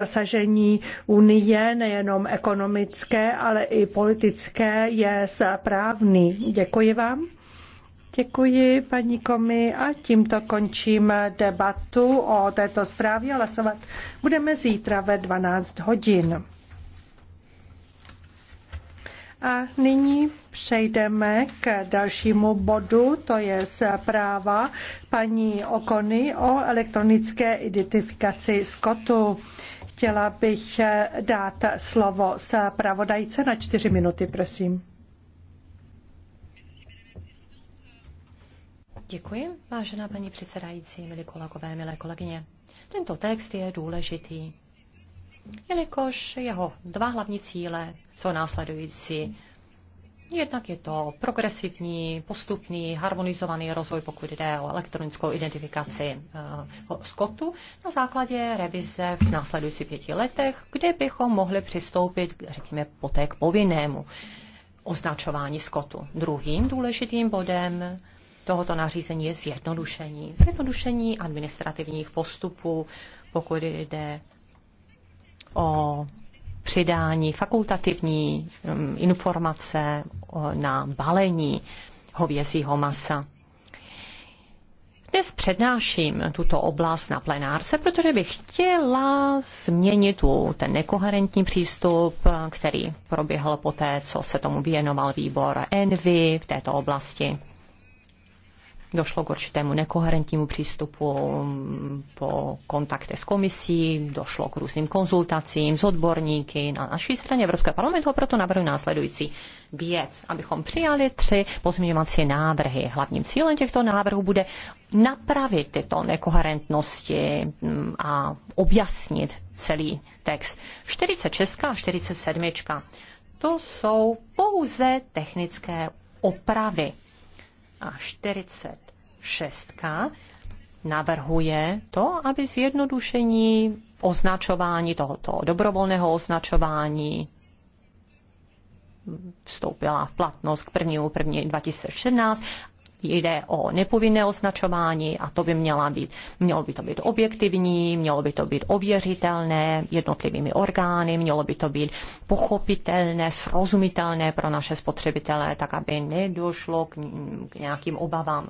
zasažení Unie, nejenom ekonomické, ale i politické, je správný. Děkuji vám. Děkuji paní Komi a tímto končím debatu o této zprávě. Hlasovat budeme zítra ve 12 hodin. A nyní přejdeme k dalšímu bodu, to je zpráva paní Okony o elektronické identifikaci Skotu. Chtěla bych eh, dát slovo zpravodajce na čtyři minuty, prosím. Děkuji, vážená paní předsedající, milí kolegové, milé kolegyně. Tento text je důležitý, jelikož jeho dva hlavní cíle jsou následující. Jednak je to progresivní, postupný, harmonizovaný rozvoj, pokud jde o elektronickou identifikaci eh, skotu na základě revize v následujících pěti letech, kde bychom mohli přistoupit, řekněme, poté k povinnému označování skotu. Druhým důležitým bodem tohoto nařízení je zjednodušení. Zjednodušení administrativních postupů, pokud jde o přidání fakultativní mm, informace na balení hovězího masa. Dnes přednáším tuto oblast na plenárce, protože bych chtěla změnit tu, ten nekoherentní přístup, který proběhl poté, co se tomu věnoval výbor Envy v této oblasti došlo k určitému nekoherentnímu přístupu mm, po kontakte s komisí, došlo k různým konzultacím s odborníky na naší straně Evropské parlamentu proto navrhu následující věc, abychom přijali tři pozměňovací návrhy. Hlavním cílem těchto návrhů bude napravit tyto nekoherentnosti mm, a objasnit celý text. 46 a 47. To jsou pouze technické opravy a 46 navrhuje to, aby zjednodušení označování tohoto dobrovolného označování vstoupila v platnost k 1. 1. 2014 jde o nepovinné označování a to by měla být, mělo by to být objektivní, mělo by to být ověřitelné jednotlivými orgány, mělo by to být pochopitelné, srozumitelné pro naše spotřebitele, tak aby nedošlo k, k nějakým obavám.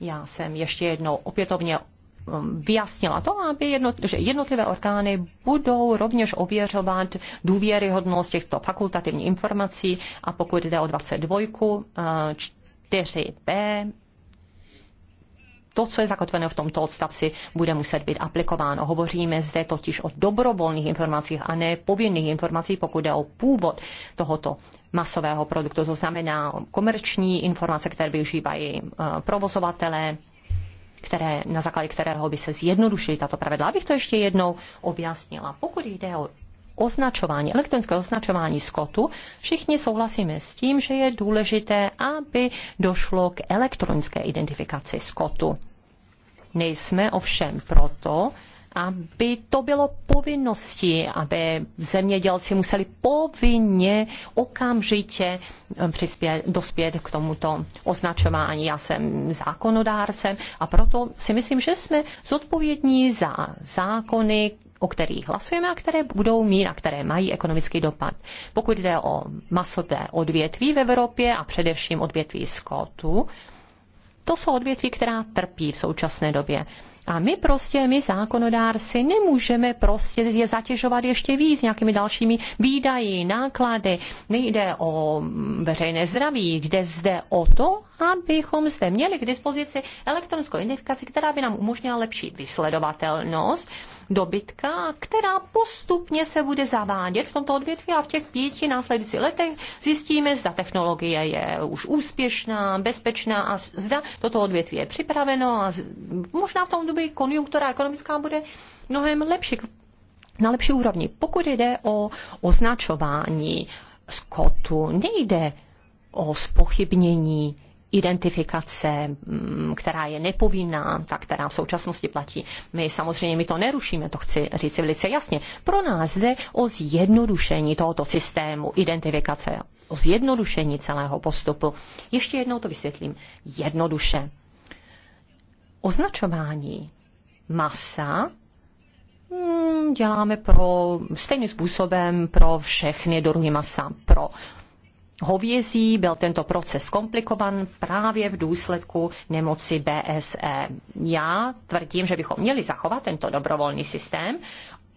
Já jsem ještě jednou opětovně um, vyjasnila to, aby jednot, že jednotlivé orgány budou rovněž ověřovat důvěryhodnost těchto fakultativních informací a pokud jde o 22, 4b to, co je zakotveno v tomto odstavci, bude muset být aplikováno. Hovoříme zde totiž o dobrovolných informacích a ne povinných informacích, pokud jde o původ tohoto masového produktu. To znamená komerční informace, které využívají eh, provozovatelé, které, na základě kterého by se zjednodušily tato pravidla. Abych to ještě jednou objasnila. Pokud jde o označování, elektronické označování skotu, všichni souhlasíme s tím, že je důležité, aby došlo k elektronické identifikaci skotu. Nejsme ovšem proto, aby to bylo povinností, aby zemědělci museli povinně okamžitě eh, přispět, dospět k tomuto označování. Já jsem zákonodárcem a proto si myslím, že jsme zodpovědní za zákony, o kterých hlasujeme a které budou mít a které mají ekonomický dopad. Pokud jde o masové odvětví v Evropě a především odvětví skotu, to jsou odvětví, která trpí v současné době. A my prostě, my zákonodárci, nemůžeme prostě je zatěžovat ještě víc nějakými dalšími výdaji, náklady. Nejde o veřejné zdraví, jde zde o to, abychom zde měli k dispozici elektronickou identifikaci, která by nám umožnila lepší vysledovatelnost dobytka, která postupně se bude zavádět v tomto odvětví a v těch pěti následujících letech zjistíme, zda technologie je už úspěšná, bezpečná a zda toto odvětví je připraveno a možná v tom době konjunktura ekonomická bude mnohem lepší, na lepší úrovni. Pokud jde o označování skotu, nejde o spochybnění identifikace, mm, která je nepovinná, ta, která v současnosti platí. My samozřejmě my to nerušíme, to chci říct velice jasně. Pro nás jde o zjednodušení tohoto systému identifikace, o zjednodušení celého postupu. Ještě jednou to vysvětlím. Jednoduše. Označování masa mm, děláme pro stejným způsobem pro všechny druhy masa, pro hovězí byl tento proces komplikovan právě v důsledku nemoci BSE. Já tvrdím, že bychom měli zachovat tento dobrovolný systém,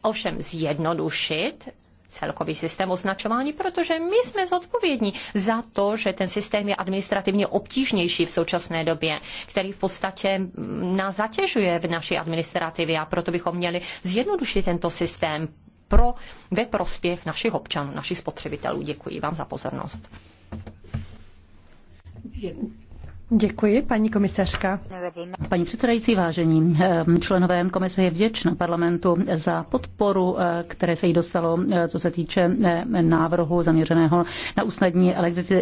ovšem zjednodušit celkový systém označování, protože my jsme zodpovědní za to, že ten systém je administrativně obtížnější v současné době, který v podstatě nás zatěžuje v naší administrativě a proto bychom měli zjednodušit tento systém, pro, ve prospěch našich občanů, našich spotřebitelů. Děkuji vám za pozornost. Děkuji, paní komisařka. Paní předsedající, vážení eh, členové komise je vděčná parlamentu za podporu, eh, které se jí dostalo, eh, co se týče návrhu zaměřeného na usnadnění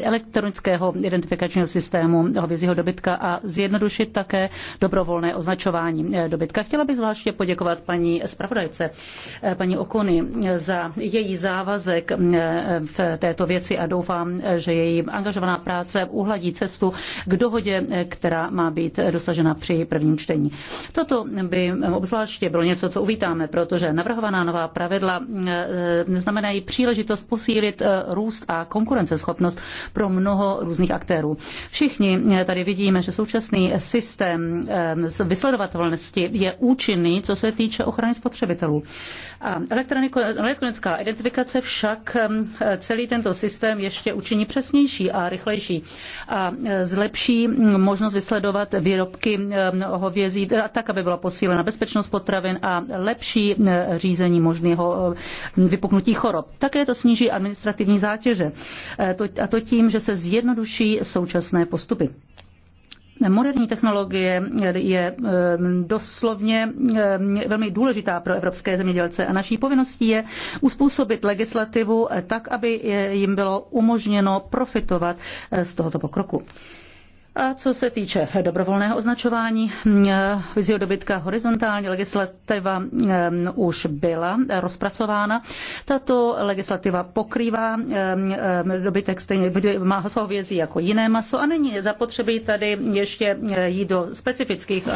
elektronického identifikačního systému hovězího dobytka a zjednodušit také dobrovolné označování dobytka. Chtěla bych zvláště poděkovat paní zpravodajce, paní Okony, za její závazek v této věci a doufám, že její angažovaná práce uhladí cestu k dohodě dohodě, eh, která má být eh, dosažena při prvním čtení. Toto by eh, obzvláště bylo něco, co uvítáme, protože navrhovaná nová pravidla znamenají příležitost posílit růst a konkurenceschopnost pro mnoho různých aktérů. Všichni tady vidíme, že současný systém vysledovatelnosti je účinný, co se týče ochrany spotřebitelů. A elektronická identifikace však celý tento systém ještě učiní přesnější a rychlejší a zlepší možnost vysledovat výrobky eh, hovězí, eh, tak aby byla posílena bezpečnost potravin a lepší eh, řízení možného vypuknutí chorob. Také to sníží administrativní zátěže, a to tím, že se zjednoduší současné postupy. Moderní technologie je doslovně velmi důležitá pro evropské zemědělce a naší povinností je uspůsobit legislativu tak, aby jim bylo umožněno profitovat z tohoto pokroku. A co se týče dobrovolného označování vizího eh, dobytka, horizontální legislativa eh, už byla rozpracována. Tato legislativa pokrývá eh, dobytek stejně, má hovězí jako jiné maso a není zapotřebí tady ještě jít do specifických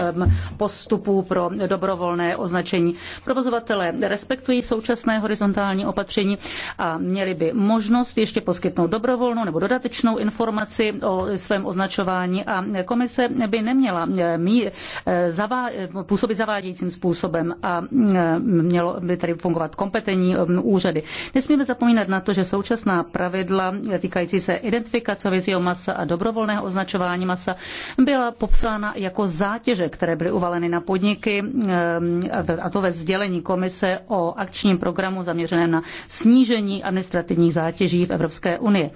postupů pro dobrovolné označení. Provozovatele respektují současné horizontální opatření a měli by možnost ještě poskytnout dobrovolnou nebo dodatečnou informaci o svém označování fungování a komise by neměla eh, mí, eh, zavá, eh, působit zavádějícím způsobem a mm, mělo by tady fungovat kompetentní úřady. Nesmíme zapomínat na to, že současná pravidla týkající se identifikace vězího masa a dobrovolného označování masa byla popsána jako zátěže, které byly uvaleny na podniky a to ve sdělení komise o akčním programu zaměřeném na snížení administrativních zátěží v Evropské unii.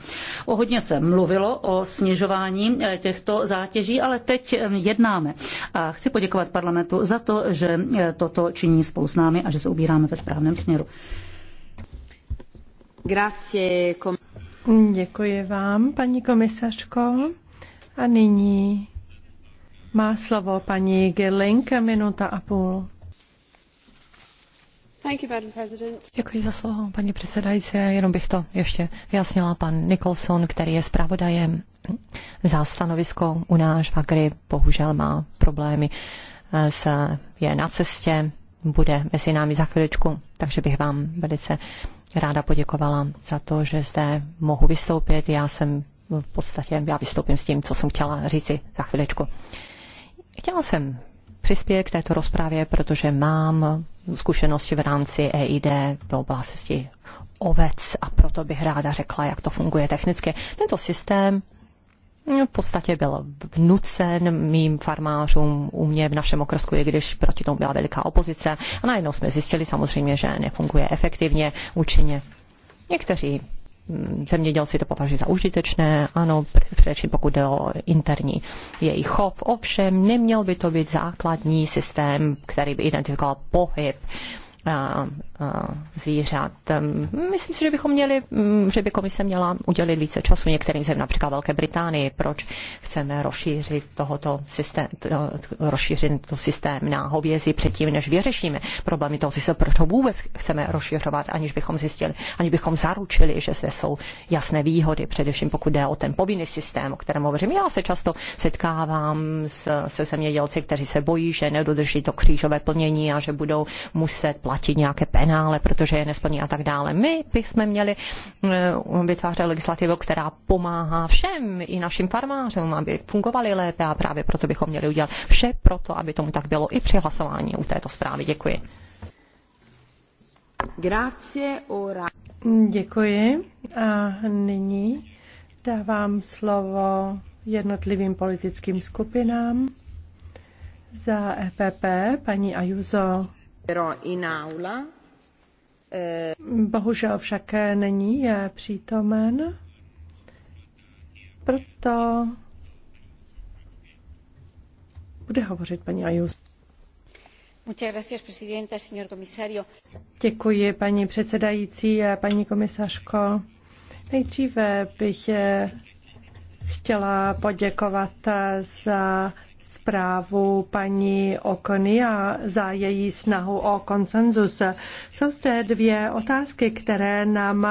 O hodně se mluvilo o snižování těch těchto zátěží, ale teď jednáme. A chci poděkovat parlamentu za to, že e, toto činí spolu s námi a že se ubíráme ve správném směru. Grazie. Děkuji vám, paní komisařko. A nyní má slovo paní Gerling, minuta a půl. Děkuji za slovo, paní předsedající. Jenom bych to ještě vyjasnila. Pan Nicholson, který je zpravodajem za stanovisko. U náš Vagry bohužel má problémy, eh, s, je na cestě, bude mezi námi za chviličku, takže bych vám velice ráda poděkovala za to, že zde mohu vystoupit. Já jsem v podstatě, já vystoupím s tím, co jsem chtěla říci za chviličku. Chtěla jsem přispět k této rozprávě, protože mám zkušenosti v rámci EID v oblasti ovec a proto bych ráda řekla, jak to funguje technicky. Tento systém No, v podstatě byl vnucen mým farmářům u mě v našem okrsku, i když proti tomu byla veliká opozice. A najednou jsme zjistili samozřejmě, že nefunguje efektivně, účinně. Někteří mm, zemědělci to považují za užitečné, ano, především pokud jde o interní jejich chov. Ovšem, neměl by to být základní systém, který by identifikoval pohyb zvířat. Myslím si, že bychom měli, mm, že by komise měla udělit více času některým zem, například Velké Británii, proč chceme rozšířit tohoto systém, rozšířit to systém na hovězi předtím, než vyřešíme problémy toho systému, proč ho vůbec chceme rozšiřovat, aniž bychom zjistili, aniž bychom zaručili, že zde jsou jasné výhody, především pokud jde o ten povinný systém, o kterém hovořím. Já se často setkávám se se zemědělci, kteří se bojí, že nedodrží to křížové plnění a že budou muset platit platit nějaké penále, protože je nesplní a tak dále. My bychom měli eh, vytvářet legislativu, která pomáhá všem, i našim farmářům, aby fungovali lépe a právě proto bychom měli udělat vše proto, aby tomu tak bylo i při hlasování u této zprávy. Děkuji. Grazie ora. Děkuji. A nyní dávám slovo jednotlivým politickým skupinám. Za EPP paní Ajuzo. Eh, Bohužel však není je přítomen, proto bude hovořit paní Ayus. Děkuji, paní předsedající, eh, paní komisařko. Nejdříve bych eh, chtěla poděkovat za zprávu paní a za její snahu o konsenzus. Jsou zde dvě otázky, které nám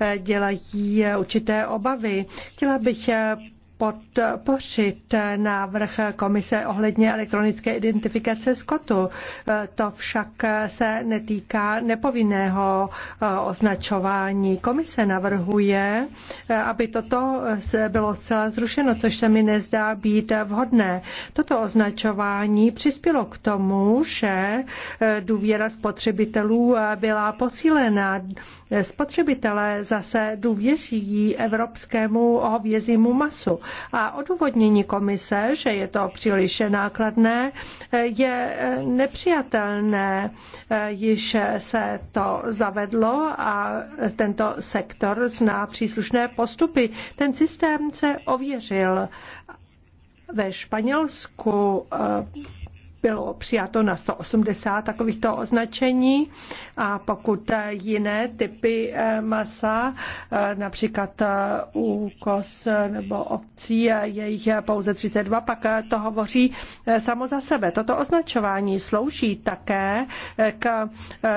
eh, dělají eh, určité obavy. Chtěla bych eh, podpořit návrh komise ohledně elektronické identifikace skotu. To však se netýká nepovinného eh, označování. Komise navrhuje, eh, aby toto bylo zcela zrušeno, což se mi nezdá být vhodné. Toto označování přispělo k tomu, že eh, důvěra spotřebitelů byla posílena. Spotřebitelé zase důvěří evropskému hovězímu masu. A odůvodnění komise, že je to příliš nákladné, je nepřijatelné. Již se to zavedlo a tento sektor zná příslušné postupy. Ten systém se ověřil ve Španělsku eh, bylo přijato na 180 takovýchto označení a pokud jiné typy eh, masa, eh, například u eh, kos nebo obcí, je jich pouze 32, pak to hovoří samo za sebe. Toto označování slouží také k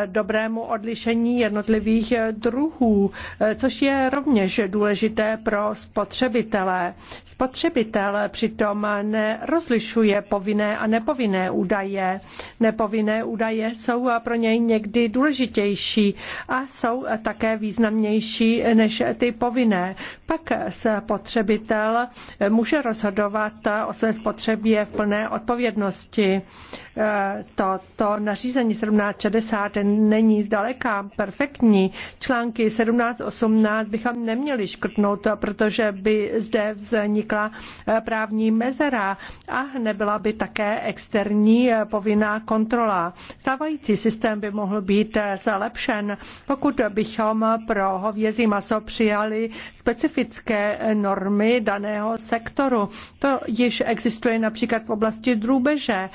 dobrému odlišení jednotlivých druhů, což je rovněž důležité pro spotřebitele. Spotřebitel přitom nerozlišuje povinné a nepovinné údaje. Nepovinné údaje jsou pro něj někdy důležitější a jsou také významnější než ty povinné. Pak spotřebitel může rozhodovat o své spotřebě v plné odpovědnosti. To, to nařízení 1760 není zdaleka perfektní. Články 1718 bychom neměli škrtnout, protože by zde vznikla právní mezera a nebyla by také externí není eh, povinná kontrola. Stávající systém by mohl být eh, zlepšen, pokud bychom pro hovězí maso přijali specifické eh, normy daného sektoru. To již existuje například v oblasti drůbeže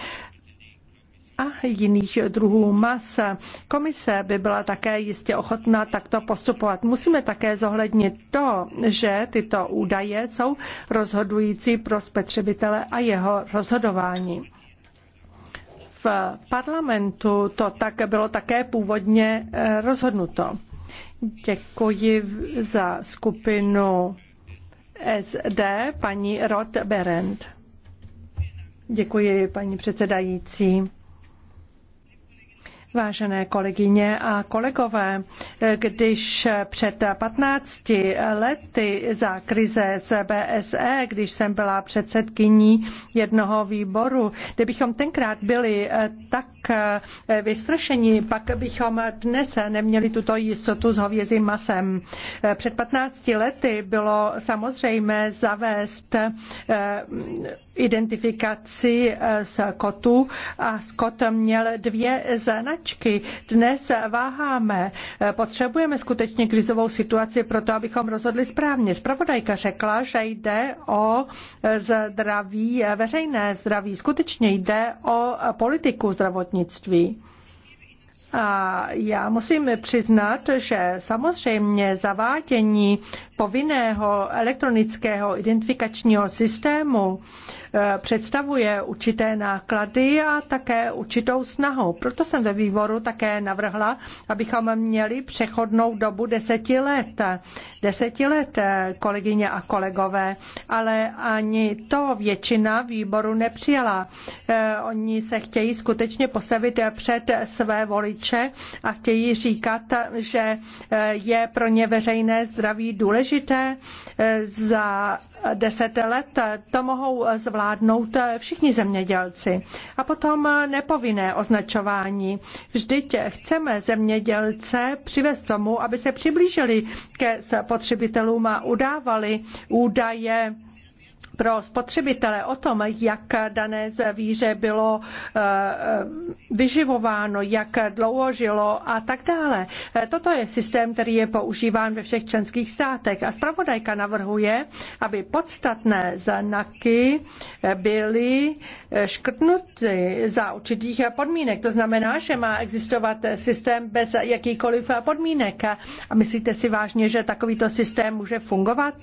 a jiných druhů mas. Komise by byla také jistě ochotná takto postupovat. Musíme také zohlednit to, že tyto údaje jsou rozhodující pro spotřebitele a jeho rozhodování v parlamentu to tak bylo také původně eh, rozhodnuto. Děkuji za skupinu SD, paní Rod Berend. Děkuji, paní předsedající. Vážené kolegyně a kolegové, když před 15 lety za krize z BSE, když jsem byla předsedkyní jednoho výboru, kdybychom tenkrát byli tak vystrašení, pak bychom dnes neměli tuto jistotu s hovězím masem. Před 15 lety bylo samozřejmé zavést eh, identifikaci z eh, kotu a skot měl dvě značky značky. Dnes váháme. Potřebujeme skutečně krizovou situaci pro to, abychom rozhodli správně. Spravodajka řekla, že jde o zdraví, veřejné zdraví. Skutečně jde o politiku zdravotnictví. A já musím přiznat, že samozřejmě zavádění povinného elektronického identifikačního systému Eh, představuje určité náklady a také určitou snahu. Proto jsem ve výboru také navrhla, abychom měli přechodnou dobu deseti let. Deseti let, eh, kolegyně a kolegové, ale ani to většina výboru nepřijala. Eh, oni se chtějí skutečně postavit před své voliče a chtějí říkat, že je pro ně veřejné zdraví důležité za deset let. To mohou zvládnout zvládnout eh, všichni zemědělci. A potom eh, nepovinné označování. Vždyť chceme zemědělce přivést tomu, aby se přiblížili ke spotřebitelům a udávali údaje pro spotřebitele o tom, jak dané zvíře bylo eh, vyživováno, jak dlouho žilo a tak dále. Eh, toto je systém, který je používán ve všech členských státech a zpravodajka navrhuje, aby podstatné znaky eh, byly škrtnuty za určitých podmínek. To znamená, že má existovat systém bez jakýkoliv podmínek. A myslíte si vážně, že takovýto systém může fungovat?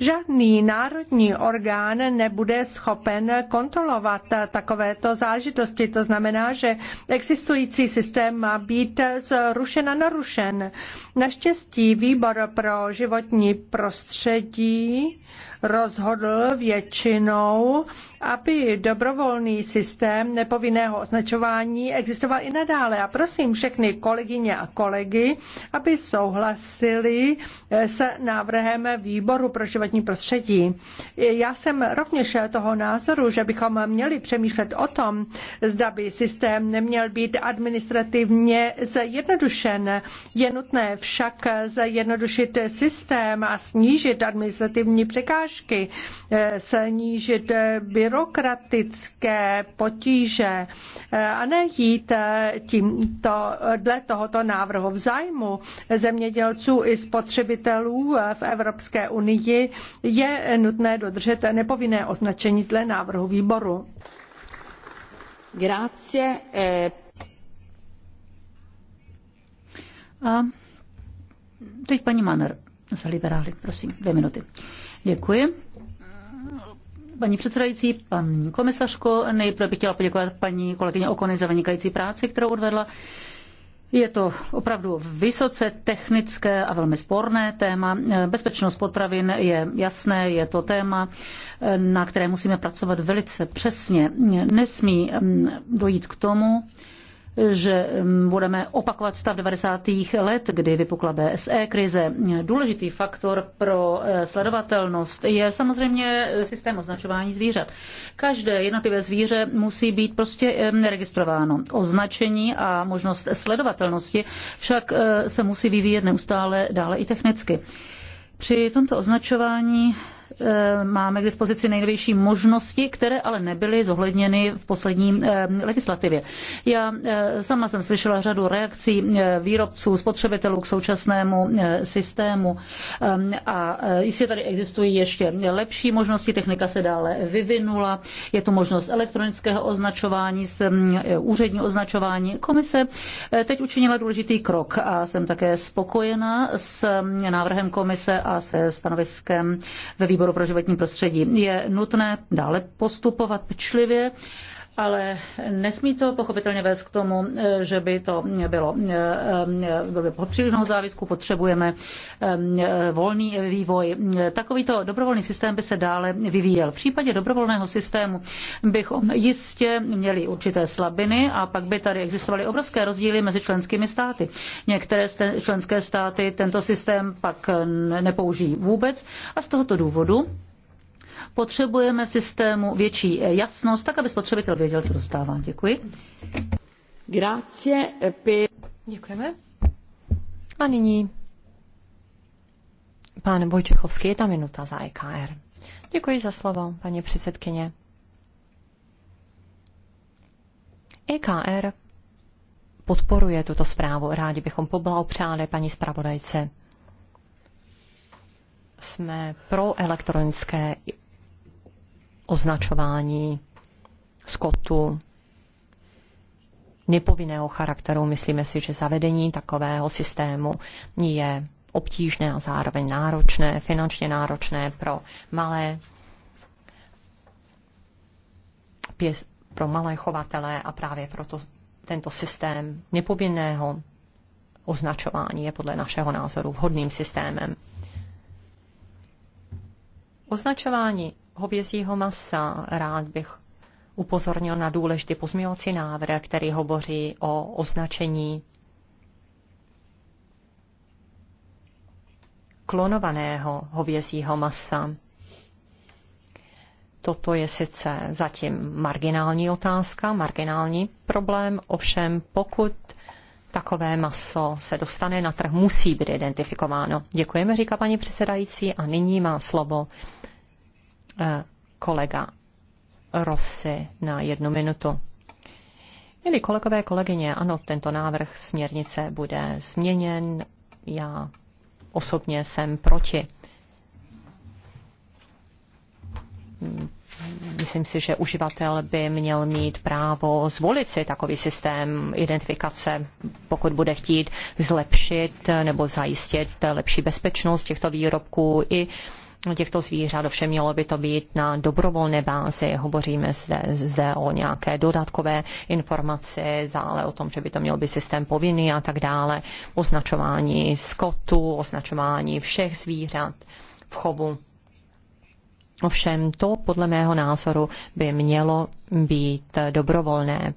Žádný národní orgán orgán nebude schopen kontrolovat takovéto záležitosti. To znamená, že existující systém má být zrušen a narušen. Naštěstí výbor pro životní prostředí rozhodl většinou aby dobrovolný systém nepovinného označování existoval i nadále. A prosím všechny kolegyně a kolegy, aby souhlasili eh, s návrhem výboru pro životní prostředí. Já jsem rovněž toho názoru, že bychom měli přemýšlet o tom, zda by systém neměl být administrativně zjednodušen. Je nutné však zjednodušit systém a snížit administrativní překážky, eh, snížit by byrokratické potíže eh, a ne jít eh, tímto, dle tohoto návrhu v zájmu zemědělců i spotřebitelů eh, v Evropské unii je nutné dodržet nepovinné označení dle návrhu výboru. Grazie. A teď paní Manner za liberály, prosím, dvě minuty. Děkuji. Paní předsedající, paní komisařko, nejprve bych chtěla poděkovat paní kolegyně Okony za vynikající práci, kterou odvedla. Je to opravdu vysoce technické a velmi sporné téma. Bezpečnost potravin je jasné, je to téma, na které musíme pracovat velice přesně. Nesmí mm, dojít k tomu, že budeme opakovat stav 90. let, kdy vypukla BSE krize. Důležitý faktor pro eh, sledovatelnost je samozřejmě systém označování zvířat. Každé jednotlivé zvíře musí být prostě registrováno. Označení a možnost sledovatelnosti však eh, se musí vyvíjet neustále dále i technicky. Při tomto označování Eh, máme k dispozici nejnovější možnosti, které ale nebyly zohledněny v poslední eh, legislativě. Já eh, sama jsem slyšela řadu reakcí výrobců, spotřebitelů k současnému systému a jistě tady existují ještě lepší možnosti, technika se dále vyvinula, je to možnost elektronického označování, úřední označování. Komise teď učinila důležitý krok a jsem také spokojená s návrhem komise a se stanoviskem ve výboru výboru pro životní prostředí. Je nutné dále postupovat pečlivě ale nesmí to pochopitelně vést k tomu, že by to bylo, bylo by přílišnou závisku, potřebujeme volný vývoj. Takovýto dobrovolný systém by se dále vyvíjel. V případě dobrovolného systému bychom jistě měli určité slabiny a pak by tady existovaly obrovské rozdíly mezi členskými státy. Některé členské státy tento systém pak nepoužijí vůbec a z tohoto důvodu Potřebujeme v systému větší jasnost, tak aby spotřebitel věděl, co dostává. Děkuji. Grazie. Eh, Děkujeme. A nyní pan je ta minuta za EKR. Děkuji za slovo, paní předsedkyně. EKR podporuje tuto zprávu. Rádi bychom poblahopřáli paní zpravodajce. Jsme pro elektronické označování skotu nepovinného charakteru. Myslíme si, že zavedení takového systému je obtížné a zároveň náročné, finančně náročné pro malé pěs, pro malé chovatele a právě proto tento systém nepovinného označování je podle našeho názoru vhodným systémem. Označování hovězího masa rád bych upozornil na důležitý pozměňovací návrh, který hovoří o označení klonovaného hovězího masa. Toto je sice zatím marginální otázka, marginální problém, ovšem pokud takové maso se dostane na trh, musí být identifikováno. Děkujeme, říká paní předsedající, a nyní má slovo Eh, kolega Rossi na jednu minutu. Milí kolegové, kolegyně, ano, tento návrh směrnice bude změněn. Já osobně jsem proti. Myslím si, že uživatel by měl mít právo zvolit si takový systém identifikace, pokud bude chtít zlepšit nebo zajistit lepší bezpečnost těchto výrobků i uh, těchto zvířat, ovšem mělo by to být na dobrovolné bázi. Hovoříme zde, zde o nějaké dodatkové informaci, dále o tom, že by to měl být systém povinný a tak dále, označování skotu, označování všech zvířat v chovu. Ovšem to podle mého názoru by mělo být dobrovolné,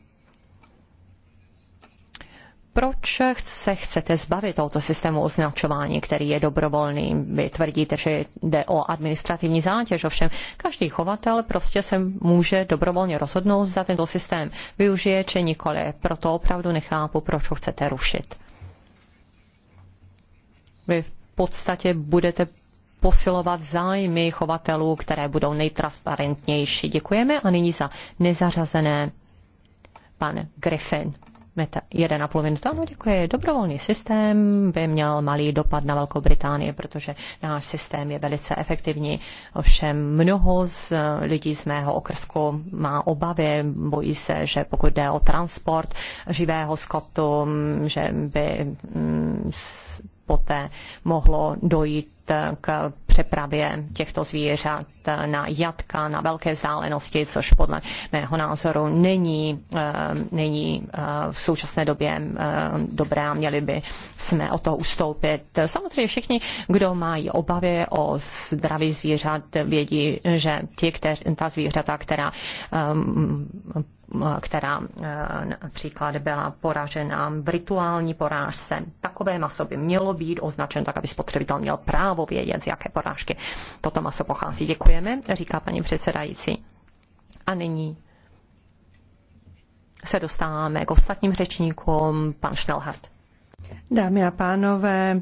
proč se chcete zbavit tohoto systému označování, který je dobrovolný? Vy tvrdíte, že jde o administrativní zátěž, ovšem každý chovatel prostě se může dobrovolně rozhodnout, zda tento systém využije či nikoli. Proto opravdu nechápu, proč ho chcete rušit. Vy v podstatě budete posilovat zájmy chovatelů, které budou nejtransparentnější. Děkujeme a nyní za nezařazené pan Griffin. Meta 1,5 minuta, ano děkuji. Dobrovolný systém by měl malý dopad na Velkou Británii, protože náš systém je velice efektivní. Ovšem mnoho z lidí z mého okrsku má obavy, bojí se, že pokud jde o transport živého skotu, že by mm, poté mohlo dojít k přepravě těchto zvířat na jatka, na velké vzdálenosti, což podle mého názoru není, eh, není eh, v současné době eh, dobré a měli by jsme o toho ustoupit. Samozřejmě všichni, kdo mají obavy o zdraví zvířat, vědí, že ti, kteř, ta zvířata, která ehm, která eh, například byla poražena v rituální porážce. Takové maso by mělo být označeno tak, aby spotřebitel měl právo vědět, z jaké porážky toto maso pochází. Děkujeme, říká paní předsedající. A nyní se dostáváme k ostatním řečníkům, pan Schnellhardt. Dámy a pánové,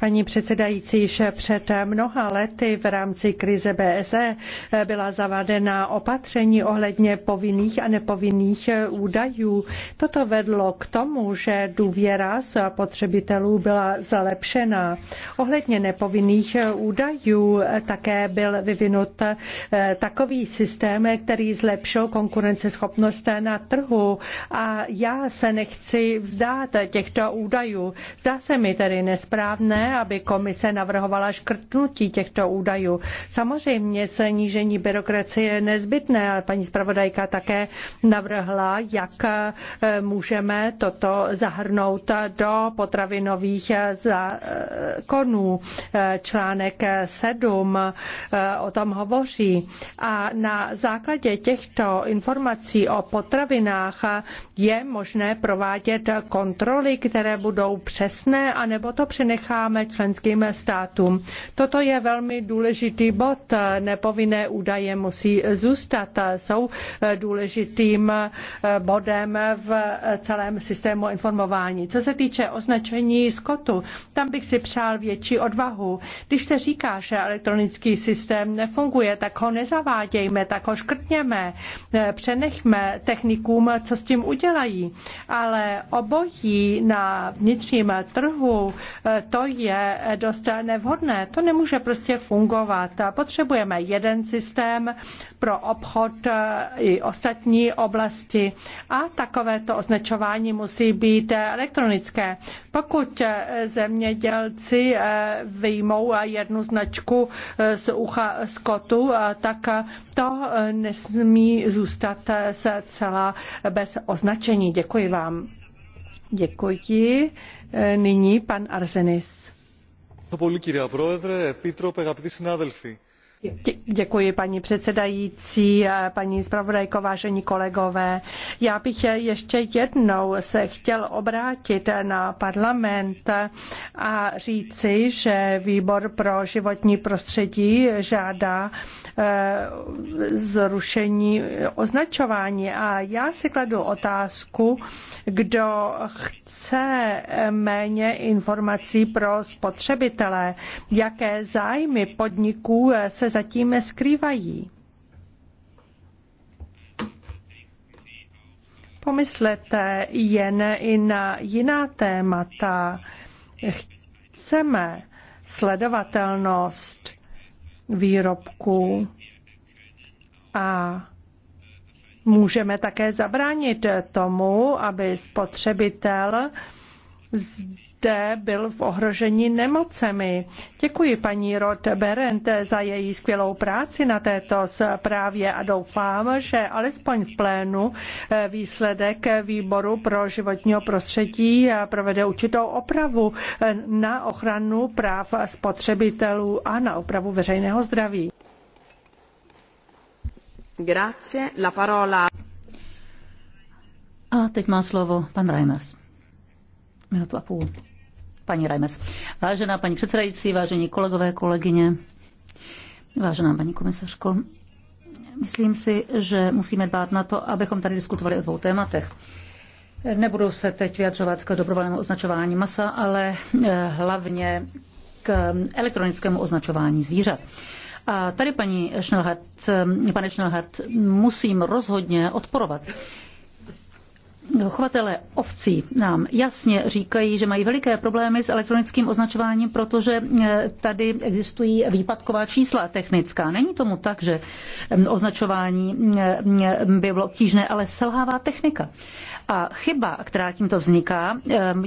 paní předsedající, již před mnoha lety v rámci krize BSE byla zavadena opatření ohledně povinných a nepovinných údajů. Toto vedlo k tomu, že důvěra spotřebitelů byla zalepšena. Ohledně nepovinných údajů také byl vyvinut eh, takový systém, který zlepšil konkurenceschopnost na trhu a já se nechci vzdát těchto údajů údajů. Zdá se mi tedy nesprávné, aby komise navrhovala škrtnutí těchto údajů. Samozřejmě snížení byrokracie je nezbytné, ale paní zpravodajka také navrhla, jak eh, můžeme toto zahrnout do potravinových eh, zákonů. Eh, článek 7 o tom hovoří. A na základě těchto informací o potravinách je možné provádět kontroly, které budou budou přesné, anebo to přenecháme členským státům. Toto je velmi důležitý bod. Nepovinné údaje musí zůstat. Jsou důležitým bodem v celém systému informování. Co se týče označení skotu, tam bych si přál větší odvahu. Když se říká, že elektronický systém nefunguje, tak ho nezavádějme, tak ho škrtněme, přenechme technikům, co s tím udělají. Ale obojí na vnitř vnitřním trhu, eh, to je dost nevhodné. To nemůže prostě fungovat. Potřebujeme jeden systém pro obchod eh, i ostatní oblasti a takovéto označování musí být elektronické. Pokud eh, zemědělci vyjmou jednu značku z ucha skotu, tak to nesmí zůstat zcela bez označení. Děkuji vám. Děkuji e, Nyní pan Arzenis. Děkuji, pane předsedající, pane předsedající, Děkuji paní předsedající, paní zpravodajko, vážení kolegové. Já bych ještě jednou se chtěl obrátit na parlament a říci, že výbor pro životní prostředí žádá eh, zrušení označování. A já si kladu otázku, kdo chce méně informací pro spotřebitele, jaké zájmy podniků se zatím skrývají. Pomyslete jen i na jiná témata. Chceme sledovatelnost výrobků a můžeme také zabránit tomu, aby spotřebitel kde byl v ohrožení nemocemi. Děkuji paní Rod Berente za její skvělou práci na této zprávě a doufám, že alespoň v plénu eh, výsledek výboru pro životního prostředí eh, provede určitou opravu eh, na ochranu práv spotřebitelů a na opravu veřejného zdraví. Grazie, la parola. A teď má slovo pan Reimers minutu a půl. Paní Rajmes. Vážená paní předsedající, vážení kolegové, kolegyně, vážená paní komisařko, myslím si, že musíme dbát na to, abychom tady diskutovali o dvou tématech. Nebudu se teď vyjadřovat k dobrovolnému označování masa, ale eh, hlavně k elektronickému označování zvířat. A tady, paní Schnellhardt, eh, pane Schnellhardt, musím rozhodně odporovat. Chovatelé ovcí nám jasně říkají, že mají veliké problémy s elektronickým označováním, protože eh, tady existují výpadková čísla technická. Není tomu tak, že mm, označování mm, mm, by bylo obtížné, ale selhává technika. A chyba, která tímto vzniká,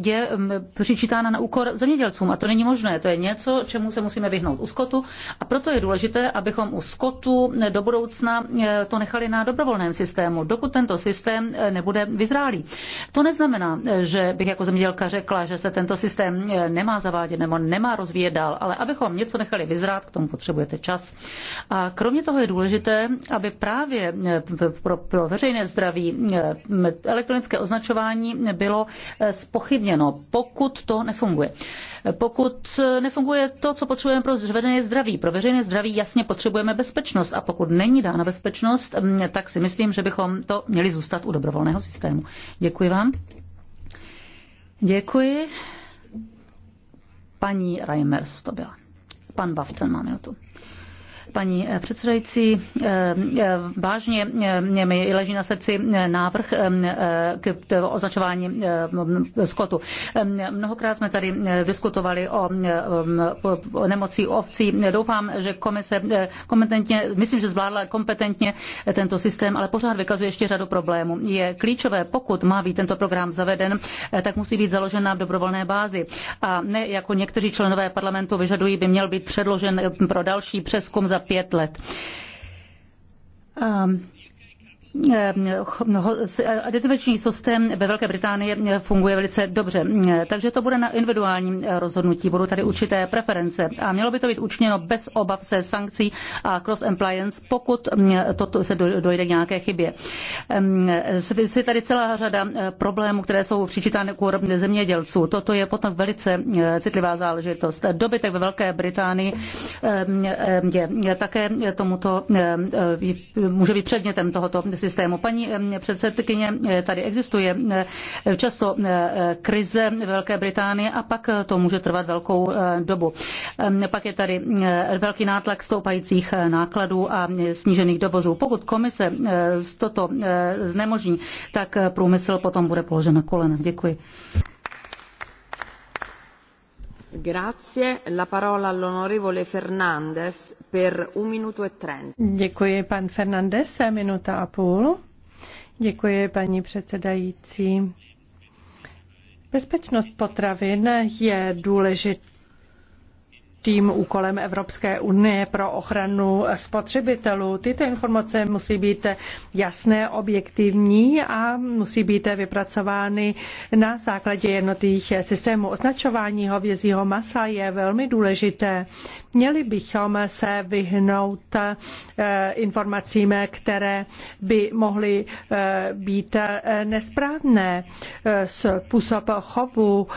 je přičítána na úkor zemědělcům. A to není možné. To je něco, čemu se musíme vyhnout u skotu. A proto je důležité, abychom u skotu do budoucna e, to nechali na dobrovolném systému, dokud tento systém e, nebude vyzrálý. To neznamená, e, že bych jako zemědělka řekla, že se tento systém nemá zavádět nebo nemá rozvíjet dál, ale abychom něco nechali vyzrát, k tomu potřebujete čas. A kromě toho je důležité, aby právě pro, pro veřejné zdraví elektronické geografické označování bylo eh, spochybněno, pokud to nefunguje. Pokud eh, nefunguje to, co potřebujeme pro veřejné zdraví, pro veřejné zdraví jasně potřebujeme bezpečnost a pokud není dána bezpečnost, mm, tak si myslím, že bychom to měli zůstat u dobrovolného systému. Děkuji vám. Děkuji. Paní Reimers to byla. Pan Bafton má minutu. Paní eh, předsedající, eh, eh, vážně mi leží na srdci návrh k označování skotu. Mnohokrát jsme tady diskutovali o nemocí ovcí. Doufám, že komise kompetentně, myslím, že zvládla kompetentně tento systém, ale pořád vykazuje ještě řadu problémů. Je klíčové, pokud má být tento program zaveden, tak musí být založen na dobrovolné bázi. A ne jako někteří členové parlamentu vyžadují, by měl být předložen pro další přeskum za za pět let. Um, Eh, eh, eh, detenční systém ve Velké Británii funguje velice dobře, takže to bude na individuálním rozhodnutí. Budou tady určité preference a mělo by to být učiněno bez obav se sankcí a cross compliance, pokud to se dojde k nějaké chybě. Je tady celá řada problémů, které jsou přičítány k zemědělců. Toto je potom velice citlivá záležitost. Dobytek ve Velké Británii je také tomuto může být předmětem tohoto systému. Paní předsedkyně, eh, tady existuje eh, často eh, krize ve Velké Británii a pak to může trvat velkou dobu. Pak je tady velký nátlak stoupajících nákladů a snížených dovozů. Pokud komise toto znemožní, tak průmysl potom bude položen na kolena. Děkuji. Grazie. La parola all'onorevole Fernandez per un minuto e trenta. Děkuji, pan Fernandez, minuta a půl. Děkuji, paní předsedající. Bezpečnost potravin je důležitá důležitým úkolem Evropské unie pro ochranu spotřebitelů. Tyto informace musí být jasné, objektivní a musí být vypracovány na základě jednotlivých systémů. Označování hovězího masa je velmi důležité. Měli bychom se vyhnout eh, informacím, které by mohly eh, být eh, nesprávné. Způsob chovu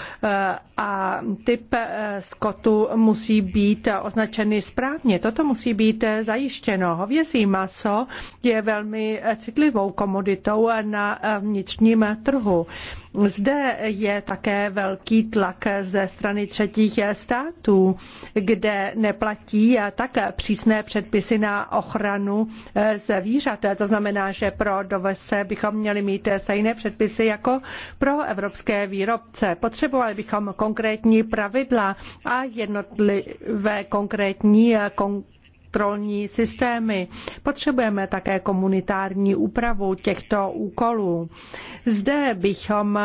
a typ eh, skotu musí být označeny správně. Toto musí být eh, zajištěno. Hovězí maso je velmi eh, citlivou komoditou na vnitřním trhu. Zde je také velký tlak ze strany třetích států, kde neplatí tak přísné předpisy na ochranu zvířat. To znamená, že pro dovese bychom měli mít stejné předpisy jako pro evropské výrobce. Potřebovali bychom konkrétní pravidla a jednotlivé konkrétní kon- kontrolní systémy. Potřebujeme také komunitární úpravu těchto úkolů. Zde bychom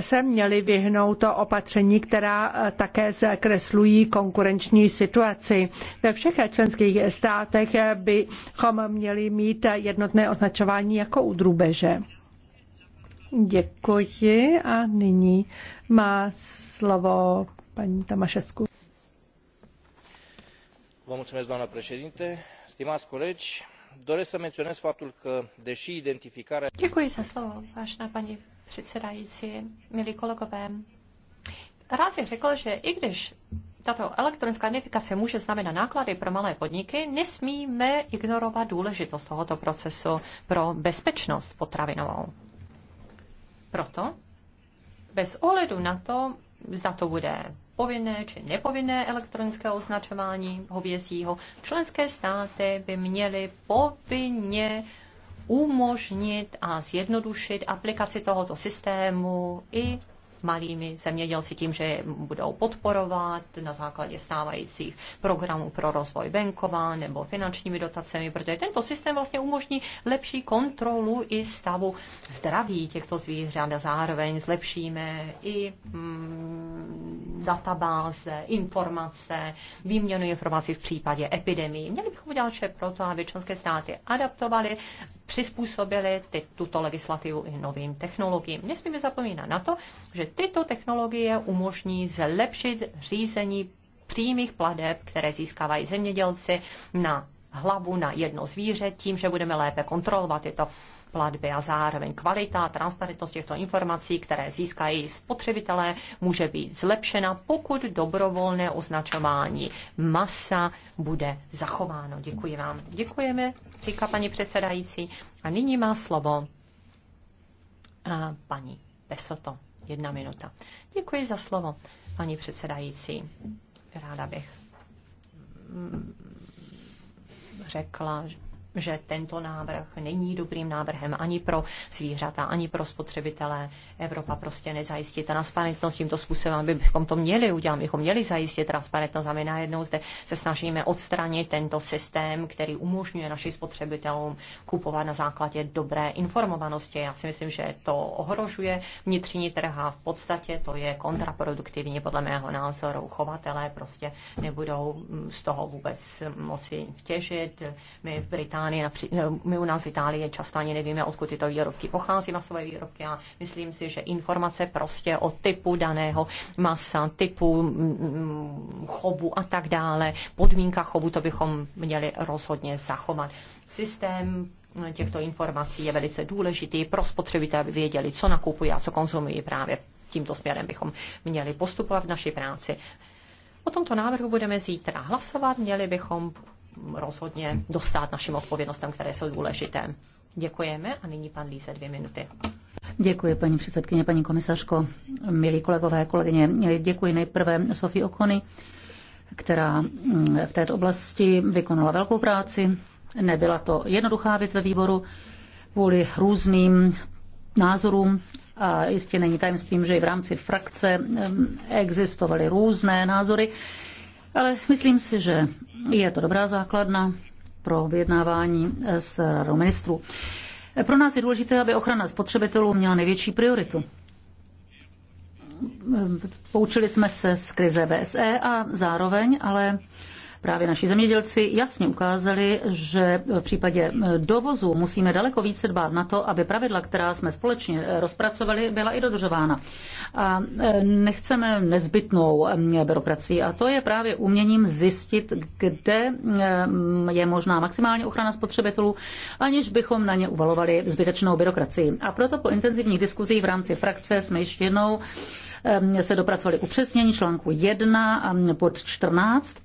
se měli vyhnout to opatření, která také zkreslují konkurenční situaci. Ve všech členských státech bychom měli mít jednotné označování jako u drůbeže. Děkuji a nyní má slovo paní Tamašesku doresc să menionez faptul că dei identificarea. Děkuji za slovo, vážená paní předsedající, milí kolegové. Rád bych řekl, že i když tato elektronická identifikace může znamenat náklady pro malé podniky, nesmíme ignorovat důležitost tohoto procesu pro bezpečnost potravinovou. Proto bez ohledu na to, zda to bude povinné či nepovinné elektronické označování hovězího, členské státy by měly povinně umožnit a zjednodušit aplikaci tohoto systému i malými zemědělci tím, že je budou podporovat na základě stávajících programů pro rozvoj venkova nebo finančními dotacemi, protože tento systém vlastně umožní lepší kontrolu i stavu zdraví těchto zvířat a zároveň zlepšíme i mm, databáze, informace, výměnu informací v případě epidemii. Měli bychom udělat vše proto, aby členské státy adaptovaly, přizpůsobily tuto legislativu i novým technologiím. Nesmíme zapomínat na to, že tyto technologie umožní zlepšit řízení přímých pladeb, které získávají zemědělci na hlavu na jedno zvíře, tím, že budeme lépe kontrolovat tyto platby a zároveň kvalita a transparentnost těchto informací, které získají spotřebitelé, může být zlepšena, pokud dobrovolné označování masa bude zachováno. Děkuji vám. Děkujeme, říká paní předsedající. A nyní má slovo a paní Pesoto. Jedna minuta. Děkuji za slovo, paní předsedající. Ráda bych mm, řekla, že tento návrh není dobrým návrhem ani pro zvířata, ani pro spotřebitele. Evropa prostě nezajistí transparentnost tímto způsobem, aby bychom to měli udělat, bychom měli zajistit transparentnost a my najednou zde se snažíme odstranit tento systém, který umožňuje našim spotřebitelům kupovat na základě dobré informovanosti. Já si myslím, že to ohrožuje vnitřní trh a v podstatě to je kontraproduktivní podle mého názoru. Chovatelé prostě nebudou z toho vůbec moci těžit. My v Británii no, my u nás v Itálii často ani nevíme, odkud tyto výrobky pochází, masové výrobky a myslím si, že informace prostě o typu daného masa, typu mm, mm, chovu a tak dále, podmínka chovu, to bychom měli rozhodně zachovat. Systém no, těchto informací je velice důležitý pro spotřebitele, aby věděli, co nakupují a co konzumují právě tímto směrem bychom měli postupovat v naší práci. O tomto návrhu budeme zítra hlasovat, měli bychom rozhodně dostat našim odpovědnostem, které jsou důležité. Děkujeme a nyní pan Líze dvě minuty. Děkuji, paní předsedkyně, paní komisařko, milí kolegové, kolegyně. Děkuji nejprve Sofii Okony, která mm, v této oblasti vykonala velkou práci. Nebyla to jednoduchá věc ve výboru kvůli různým názorům a jistě není tajemstvím, že i v rámci frakce mm, existovaly různé názory. Ale myslím si, že je to dobrá základna pro vyjednávání s radou ministrů. Pro nás je důležité, aby ochrana spotřebitelů měla největší prioritu. Poučili jsme se z krize BSE a zároveň ale Právě naši zemědělci jasně ukázali, že v případě eh, dovozu musíme daleko více dbát na to, aby pravidla, která jsme společně eh, rozpracovali, byla i dodržována. A eh, nechceme nezbytnou mm, byrokracii. A to je právě uměním zjistit, kde mm, je možná maximálně ochrana spotřebitelů, aniž bychom na ně uvalovali zbytečnou byrokracii. A proto po intenzivních diskuzích v rámci frakce jsme ještě jednou se dopracovali k upřesnění článku 1 pod 14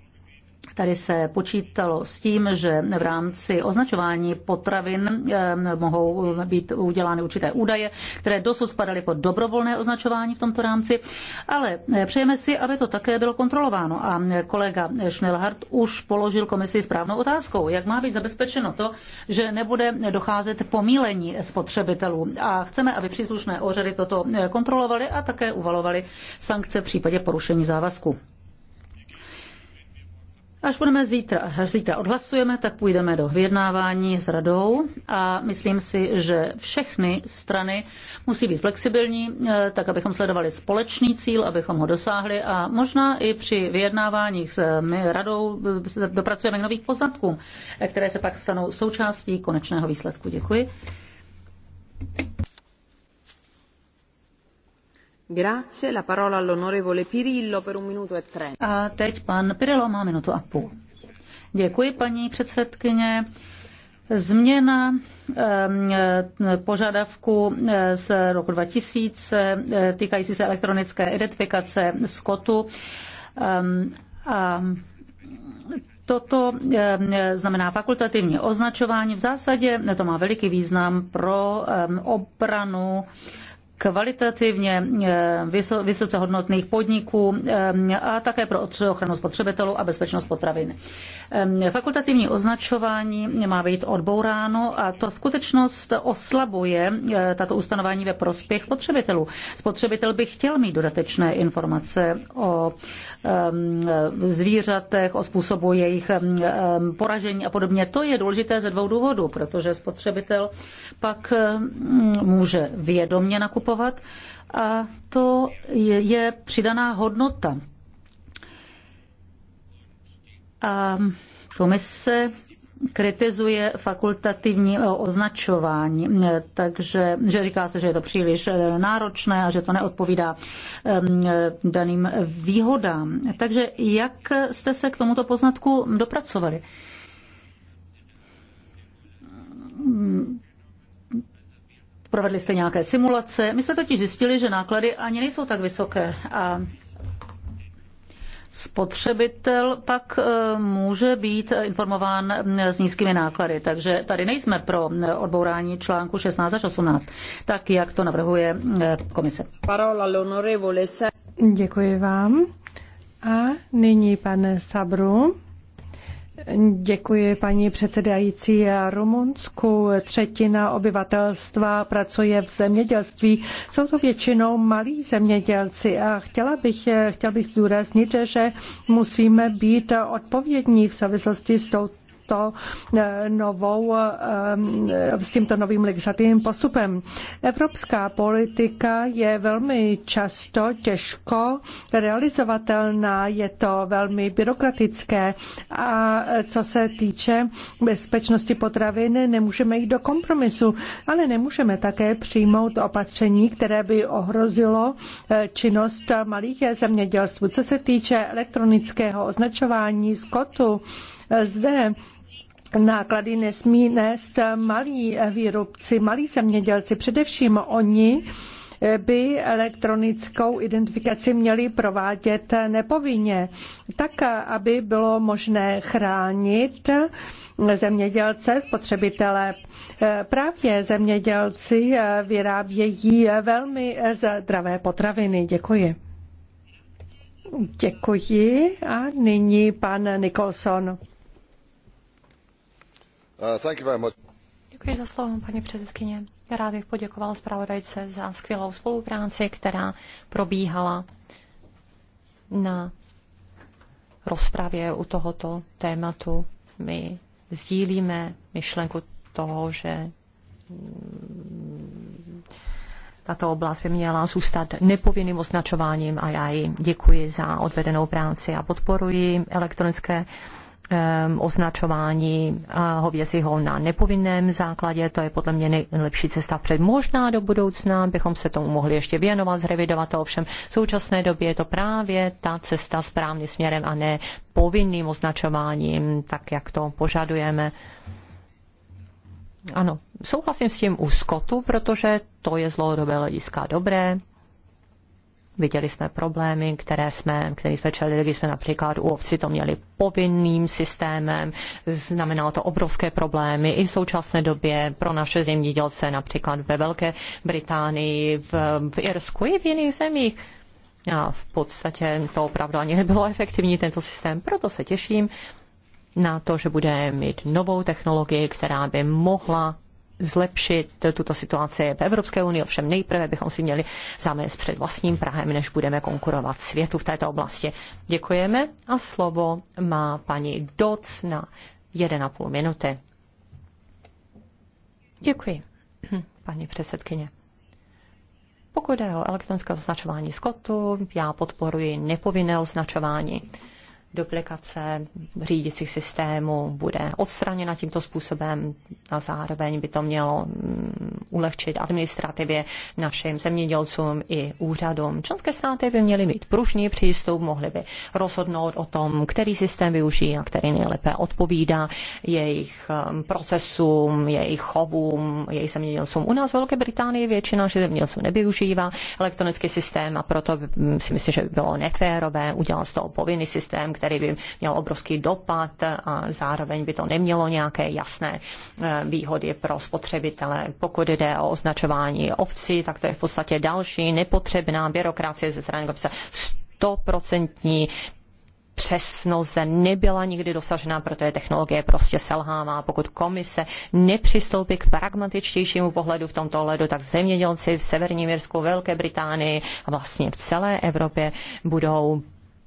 Tady se počítalo s tím, že v rámci označování potravin eh, mohou být udělány určité údaje, které dosud spadaly pod dobrovolné označování v tomto rámci, ale eh, přejeme si, aby to také bylo kontrolováno. A eh, kolega Schnellhardt už položil komisi správnou otázkou, jak má být zabezpečeno to, že nebude docházet pomílení spotřebitelů. A chceme, aby příslušné úřady toto kontrolovaly a také uvalovaly sankce v případě porušení závazku. Až budeme zítra, až zítra odhlasujeme, tak půjdeme do vyjednávání s radou a myslím si, že všechny strany musí být flexibilní, eh, tak abychom sledovali společný cíl, abychom ho dosáhli a možná i při vyjednáváních s eh, my radou eh, dopracujeme k nových poznatkům, které se pak stanou součástí konečného výsledku. Děkuji. E a teď pan Pirillo má minutu a půl. Děkuji, paní předsedkyně. Změna ehm, e, požadavku e, z roku 2000 týkající se elektronické identifikace skotu ehm, a Toto ehm, znamená fakultativní označování. V zásadě to má veliký význam pro obranu kvalitativně eh, vysoce hodnotných podniků eh, a také pro ochranu spotřebitelů a bezpečnost potravin. Eh, fakultativní označování má být odbouráno a to skutečnost oslabuje tato ustanovení ve prospěch spotřebitelů. Spotřebitel by chtěl mít dodatečné informace o zvířatech, o způsobu jejich poražení a podobně. To je důležité ze dvou důvodů, protože spotřebitel pak může vědomně nakupovat nakupovat a to je, je přidaná hodnota. A komise kritizuje fakultativní označování, takže že říká se, že je to příliš náročné a že to neodpovídá daným výhodám. Takže jak jste se k tomuto poznatku dopracovali? Provedli jste nějaké simulace. My jsme totiž zjistili, že náklady ani nejsou tak vysoké. A spotřebitel pak eh, může být informován eh, s nízkými náklady. Takže tady nejsme pro eh, odbourání článku 16 až 18, tak jak to navrhuje komise. Parola, Děkuji vám. A nyní pan Sabru. Děkuji, paní předsedající. Rumunsku třetina obyvatelstva pracuje v zemědělství. Jsou to většinou malí zemědělci a chtěla bych, chtěl bych zdůraznit, že musíme být odpovědní v souvislosti s touto to eh, novou, eh, s tímto novým legislativním postupem. Evropská politika je velmi často těžko realizovatelná, je to velmi byrokratické a co se týče bezpečnosti potravin, nemůžeme jít do kompromisu, ale nemůžeme také přijmout opatření, které by ohrozilo eh, činnost malých zemědělství. Co se týče elektronického označování skotu, zde náklady nesmí nést malí výrobci, malí zemědělci, především oni, by elektronickou identifikaci měli provádět nepovinně, tak aby bylo možné chránit zemědělce, spotřebitele. Právě zemědělci vyrábějí velmi zdravé potraviny. Děkuji. Děkuji a nyní pan Nikolson. Uh, děkuji za slovo, paní předsedkyně. Rád bych poděkoval zpravodajce za skvělou spolupráci, která probíhala na rozpravě u tohoto tématu. My sdílíme myšlenku toho, že mm, tato oblast by měla zůstat nepovinným označováním a já jí děkuji za odvedenou práci a podporuji elektronické Ehm, označování hovězího na nepovinném základě. To je podle mě nejlepší cesta před. Možná do budoucna bychom se tomu mohli ještě věnovat, zrevidovat to ovšem. V současné době je to právě ta cesta správným směrem a ne povinným označováním, tak jak to požadujeme. Ano, souhlasím s tím u skotu, protože to je z dlouhodobého hlediska dobré. Viděli jsme problémy, které jsme, které jsme čelili, když jsme například u ovci to měli povinným systémem. Znamenalo to obrovské problémy i v současné době pro naše zemědělce, například ve Velké Británii, v, v Irsku i v jiných zemích. A v podstatě to opravdu ani nebylo efektivní, tento systém. Proto se těším na to, že bude mít novou technologii, která by mohla zlepšit tuto situaci v Evropské unii, ovšem nejprve bychom si měli zamést před vlastním Prahem, než budeme konkurovat světu v této oblasti. Děkujeme a slovo má paní Doc na 1,5 minuty. Děkuji, paní předsedkyně. Pokud je o elektronické označování skotu, já podporuji nepovinné označování duplikace řídicích systémů bude odstraněna tímto způsobem a zároveň by to mělo mm, ulehčit administrativě našim zemědělcům i úřadům. Členské státy by měly mít pružný přístup, mohly by rozhodnout o tom, který systém využijí a který nejlépe odpovídá jejich mm, procesům, jejich chovům, jejich zemědělcům. U nás v Velké Británii většina zemědělců nevyužívá elektronický systém a proto mm, si myslím, že by bylo neférové udělat z toho povinný systém, který který by měl obrovský dopad a zároveň by to nemělo nějaké jasné eh, výhody pro spotřebitele. Pokud jde o označování ovcí, tak to je v podstatě další nepotřebná byrokracie ze strany obce. 100% přesnost nebyla nikdy dosažena, protože technologie prostě selhává. Pokud komise nepřistoupí k pragmatičtějšímu pohledu v tomto ledu, tak zemědělci v Severním Jirsku, Velké Británii a vlastně v celé Evropě budou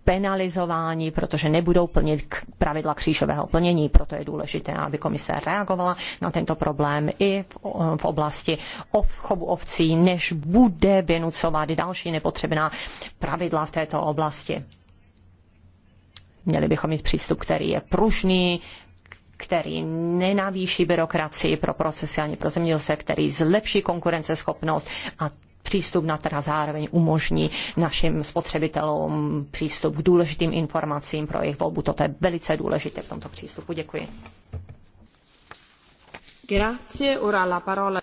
penalizováni, protože nebudou plnit pravidla křížového plnění. Proto je důležité, aby komise reagovala na tento problém i v oblasti chovu ovcí, než bude vynucovat další nepotřebná pravidla v této oblasti. Měli bychom mít přístup, který je pružný, který nenavýší byrokracii pro procesy ani pro zemědělce, který zlepší konkurenceschopnost a přístup na trh a zároveň umožní našim spotřebitelům přístup k důležitým informacím pro jejich volbu. Toto je velice důležité v tomto přístupu. Děkuji. Grazie, ora la parola.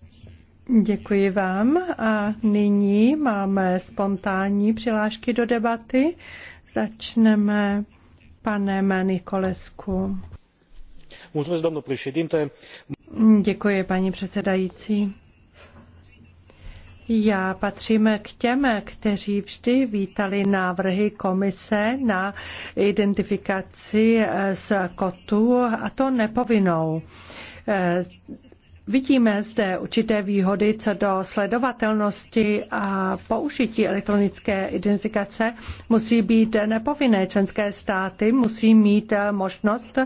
Děkuji vám a nyní máme spontánní přihlášky do debaty. Začneme panem Nikolesku. Děkuji, paní předsedající. Já patřím k těm, kteří vždy vítali návrhy komise na identifikaci z eh, kotu, a to nepovinnou eh, Vidíme zde určité výhody co do sledovatelnosti a použití elektronické identifikace musí být nepovinné. Členské státy musí mít možnost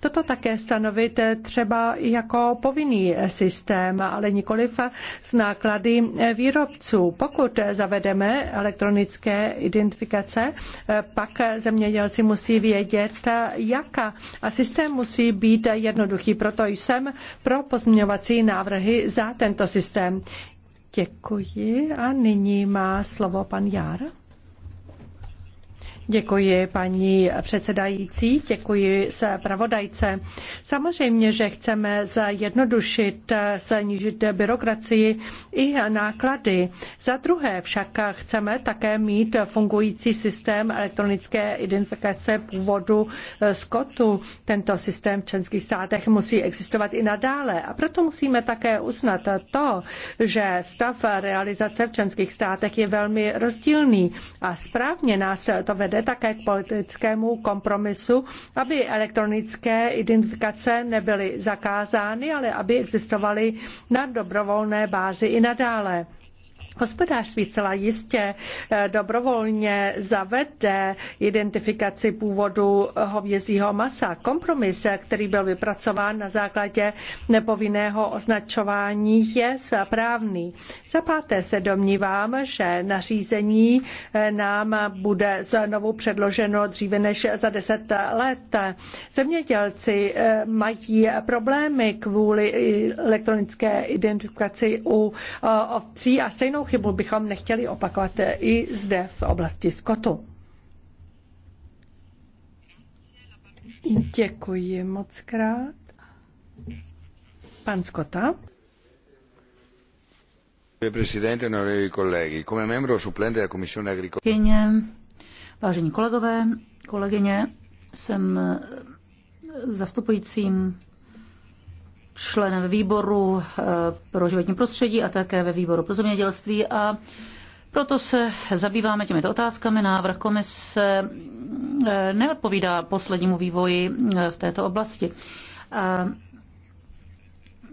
toto také stanovit třeba jako povinný systém, ale nikoliv s náklady výrobců. Pokud zavedeme elektronické identifikace, pak zemědělci musí vědět, jaká a systém musí být jednoduchý. Proto jsem pro pozměňovací pozměňovací návrhy za tento systém. Děkuji a nyní má slovo pan Jár. Děkuji paní předsedající, děkuji se pravodajce. Samozřejmě, že chceme zjednodušit, snížit byrokracii i náklady. Za druhé však chceme také mít fungující systém elektronické identifikace původu skotu. Tento systém v členských státech musí existovat i nadále a proto musíme také uznat to, že stav realizace v členských státech je velmi rozdílný a správně nás to vede dojde také k politickému kompromisu, aby elektronické identifikace nebyly zakázány, ale aby existovaly na dobrovolné bázi i nadále. Hospodářství celá jistě eh, dobrovolně zavede identifikaci původu hovězího masa. Kompromis, eh, který byl vypracován na základě nepovinného označování, je správný. Za páté se domnívám, že nařízení eh, nám bude znovu předloženo dříve než za deset let. Zemědělci mají problémy kvůli elektronické identifikaci u ovcí a stejnou chybu bychom nechtěli opakovat i zde v oblasti skotu. Děkuji moc krát. Pan Skota. Jako Kyně, vážení kolegové, kolegyně, jsem zastupujícím členem výboru eh, pro životní prostředí a také ve výboru pro zemědělství a proto se zabýváme těmito otázkami. Návrh komise eh, neodpovídá poslednímu vývoji eh, v této oblasti. A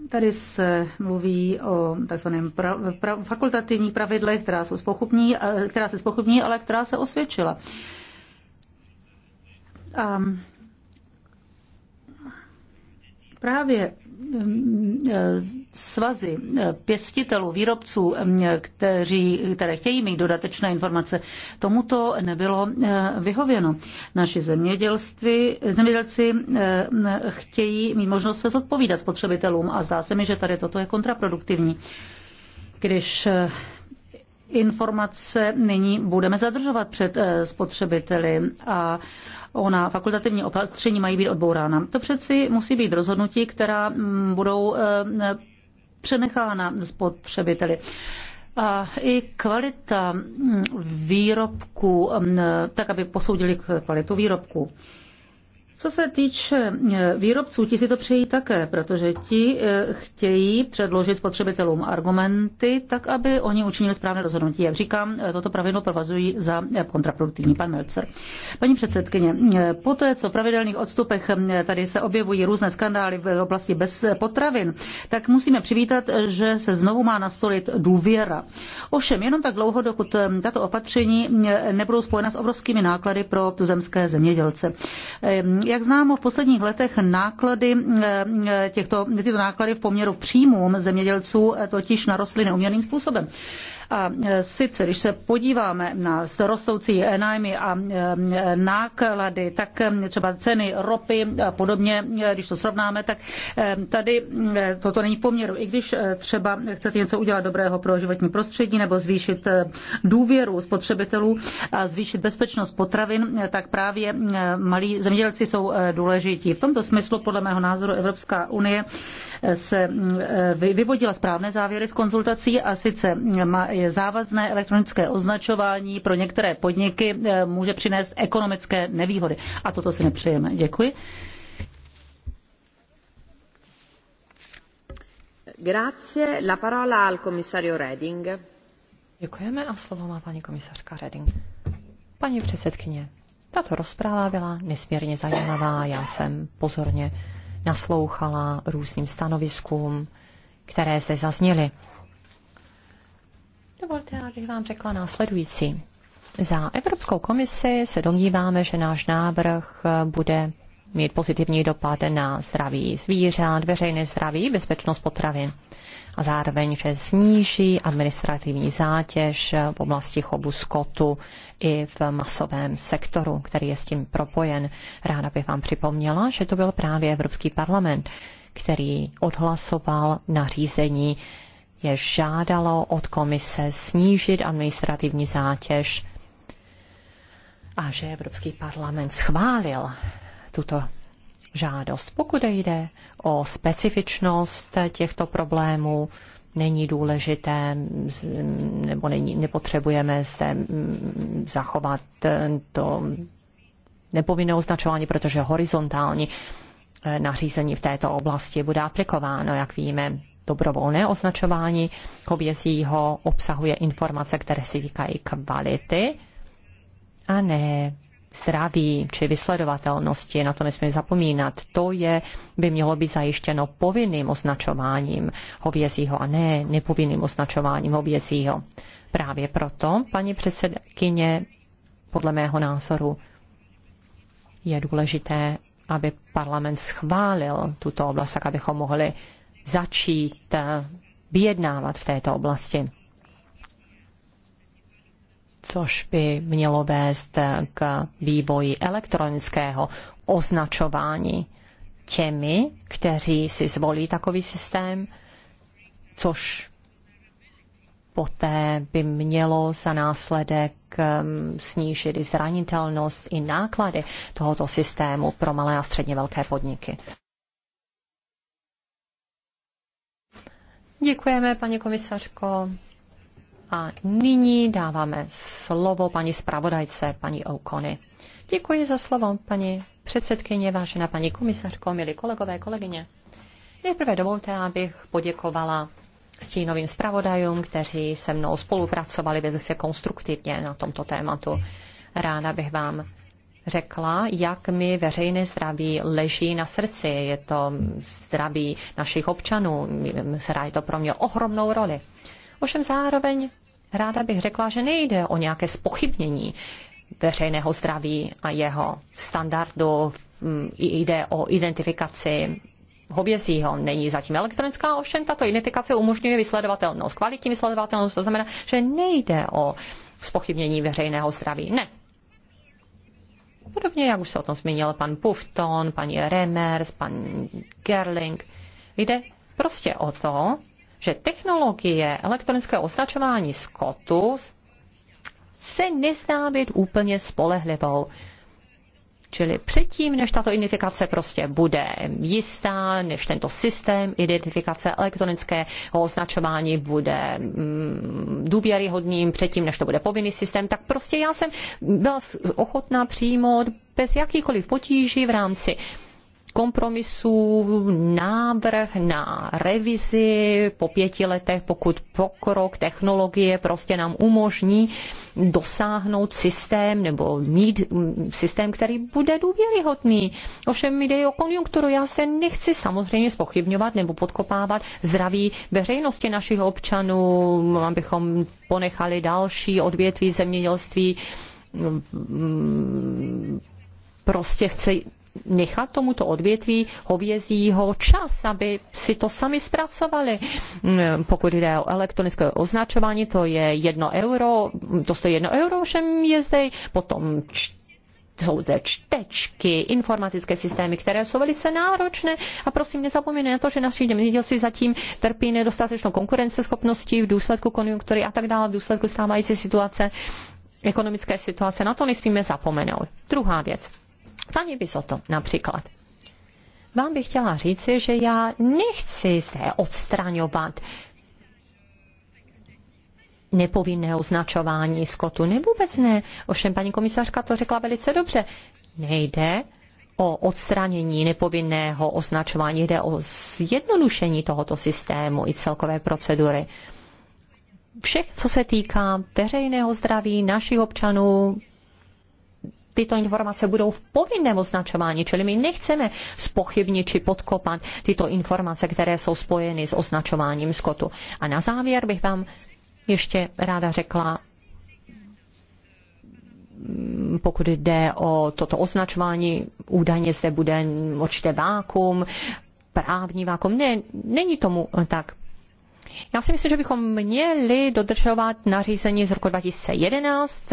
Tady se mluví o tzv. Pra, pra, fakultativních pravidlech, která, jsou která se spochybní, ale která se osvědčila. A právě svazy pěstitelů, výrobců, kteří, které chtějí mít dodatečné informace, tomuto nebylo eh, vyhověno. Naši zemědělství, zemědělci eh, chtějí mít možnost se zodpovídat spotřebitelům a zdá se mi, že tady toto je kontraproduktivní. Když eh, informace nyní budeme zadržovat před eh, spotřebiteli a ona fakultativní opatření mají být odbourána. To přeci musí být rozhodnutí, která mm, budou eh, přenechána spotřebiteli. A i kvalita mm, výrobku, mm, tak aby posoudili kvalitu výrobku. Co se týče eh, výrobců, ti si to přejí také, protože ti eh, chtějí předložit spotřebitelům argumenty, tak aby oni učinili správné rozhodnutí. Jak říkám, eh, toto pravidlo provazují za kontraproduktivní pan Melcer. Paní předsedkyně, po té, co v pravidelných odstupech tady se objevují různé skandály v oblasti bez potravin, tak musíme přivítat, že se znovu má nastolit důvěra. Ovšem, jenom tak dlouho, dokud tato opatření nebudou spojena s obrovskými náklady pro tuzemské zemědělce jak známo, v posledních letech náklady eh, těchto, tyto náklady v poměru příjmům zemědělců eh, totiž narostly neuměrným způsobem. A eh, sice, když se podíváme na rostoucí nájmy a náklady, tak třeba ceny ropy a podobně, když to srovnáme, tak tady toto není v poměru. I když třeba chcete něco udělat dobrého pro životní prostředí nebo zvýšit důvěru spotřebitelů a zvýšit bezpečnost potravin, tak právě malí zemědělci jsou jsou eh, důležití. V tomto smyslu, podle mého názoru, Evropská unie eh, se eh, vyvodila správné závěry z konzultací a sice závazné elektronické označování pro některé podniky může přinést ekonomické nevýhody. A toto si nepřejeme. Děkuji. Grazie. La parola al commissario Reding. Děkujeme a slovo má paní komisařka Reding. Paní předsedkyně, tato rozpráva byla nesmírně zajímavá. Já jsem pozorně naslouchala různým stanoviskům, které zde zazněly. Dovolte, abych vám řekla následující. Za Evropskou komisi se domníváme, že náš návrh bude mít pozitivní dopad na zdraví zvířat, veřejné zdraví, bezpečnost potravin a zároveň, že sníží administrativní zátěž v oblasti chovu skotu i v masovém sektoru, který je s tím propojen. Ráda bych vám připomněla, že to byl právě Evropský parlament, který odhlasoval nařízení, jež žádalo od komise snížit administrativní zátěž a že Evropský parlament schválil tuto žádost. Pokud jde o specifičnost těchto problémů, není důležité nebo není, nepotřebujeme zde mm, zachovat eh, to nepovinné označování, protože horizontální eh, nařízení v této oblasti bude aplikováno, jak víme. Dobrovolné označování hovězího obsahuje informace, které se týkají kvality a ne zdraví či vysledovatelnosti, na to nesmíme zapomínat. To je, by mělo být zajištěno povinným označováním hovězího a ne nepovinným označováním hovězího. Právě proto, paní předsedkyně, podle mého názoru je důležité, aby parlament schválil tuto oblast, tak abychom mohli začít eh, vyjednávat v této oblasti což by mělo vést k vývoji elektronického označování těmi, kteří si zvolí takový systém, což poté by mělo za následek um, snížit zranitelnost i náklady tohoto systému pro malé a středně velké podniky. Děkujeme, paní komisařko. A nyní dáváme slovo paní zpravodajce, paní Oukony. Děkuji za slovo, paní předsedkyně, vážená paní komisařko, milí kolegové, kolegyně. Nejprve dovolte, abych poděkovala stínovým zpravodajům, kteří se mnou spolupracovali velice konstruktivně na tomto tématu. Ráda bych vám řekla, jak mi veřejné zdraví leží na srdci. Je to zdraví našich občanů. Hraje to pro mě ohromnou roli. Ovšem zároveň ráda bych řekla, že nejde o nějaké spochybnění veřejného zdraví a jeho standardu. Mm, jde o identifikaci hovězího není zatím elektronická, ovšem tato identifikace umožňuje vysledovatelnost, kvalitní vysledovatelnost, to znamená, že nejde o spochybnění veřejného zdraví. Ne. Podobně, jak už se o tom zmínil pan Pufton, paní Remers, pan Gerling, jde prostě o to, že technologie elektronického označování skotu se nezdá být úplně spolehlivou. Čili předtím, než tato identifikace prostě bude jistá, než tento systém identifikace elektronického označování bude mm, důvěryhodným, předtím, než to bude povinný systém, tak prostě já jsem byla ochotná přijmout bez jakýchkoliv potíží v rámci uh, kompromisů, návrh na revizi po pěti letech, pokud pokrok technologie prostě nám umožní dosáhnout systém nebo mít mm, systém, který bude důvěryhodný. Ovšem jde o konjunkturu. Já se nechci samozřejmě spochybňovat nebo podkopávat zdraví veřejnosti našich občanů, abychom ponechali další odvětví zemědělství mm, prostě chci nechat tomuto odvětví hovězího čas, aby si to sami zpracovali. Mm, pokud jde o elektronické označování, to je jedno euro, to stojí jedno euro, všem je zde potom jsou zde čtečky, informatické systémy, které jsou velice náročné a prosím nezapomeňte na to, že naši zemědělci zatím trpí nedostatečnou konkurenceschopností v důsledku konjunktury a tak dále, v důsledku stávající situace, ekonomické situace. Na to nesmíme zapomenout. Druhá věc Pani Bisoto například. Vám bych chtěla říci, že já nechci zde odstraňovat nepovinné označování skotu. Ne, vůbec ne. Ovšem paní komisařka to řekla velice dobře. Nejde o odstranění nepovinného označování, jde o zjednodušení tohoto systému i celkové procedury. Všech, co se týká veřejného zdraví našich občanů, tyto informace budou v povinném označování, čili my nechceme spochybnit či podkopat tyto informace, které jsou spojeny s označováním skotu. A na závěr bych vám ještě ráda řekla, pokud jde o toto označování, údajně zde bude určité vákum, právní vákum. Ne, není tomu tak. Já si myslím, že bychom měli dodržovat nařízení z roku 2011,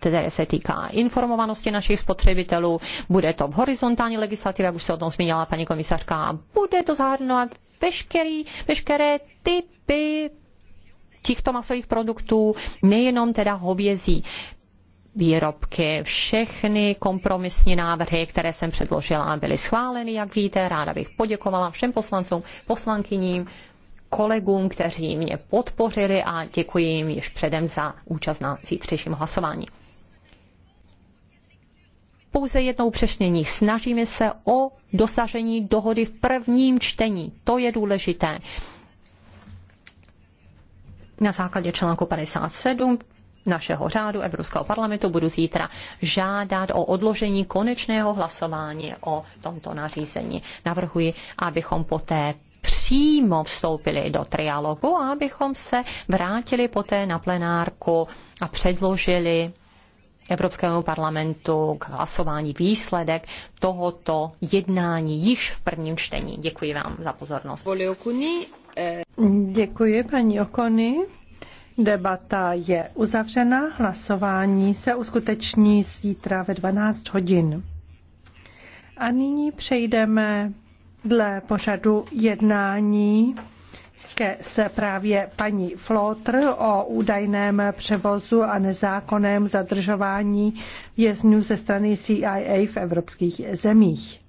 které se týká informovanosti našich spotřebitelů. Bude to v horizontální legislativě, jak už se o tom zmínila paní komisařka, a bude to zahrnovat veškerý, veškeré typy těchto masových produktů, nejenom teda hovězí výrobky. Všechny kompromisní návrhy, které jsem předložila, byly schváleny, jak víte. Ráda bych poděkovala všem poslancům, poslankyním kolegům, kteří mě podpořili a děkuji jim již předem za účast na zítřejším hlasování. Pouze jednou přešnění. Snažíme se o dosažení dohody v prvním čtení. To je důležité. Na základě článku 57 našeho řádu Evropského parlamentu budu zítra žádat o odložení konečného hlasování o tomto nařízení. Navrhuji, abychom poté přímo vstoupili do trialogu a abychom se vrátili poté na plenárku a předložili Evropskému parlamentu k hlasování výsledek tohoto jednání již v prvním čtení. Děkuji vám za pozornost. Eh, Děkuji, paní Okony. Debata je uzavřena, hlasování se uskuteční zítra ve 12 hodin. A nyní přejdeme dle pořadu jednání ke se právě paní Flotr o údajném převozu a nezákonném zadržování vězňů ze strany CIA v evropských zemích.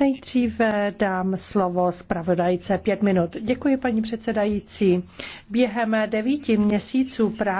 Nejdříve dám slovo zpravodajce pět minut. Děkuji, paní předsedající. Během devíti měsíců práce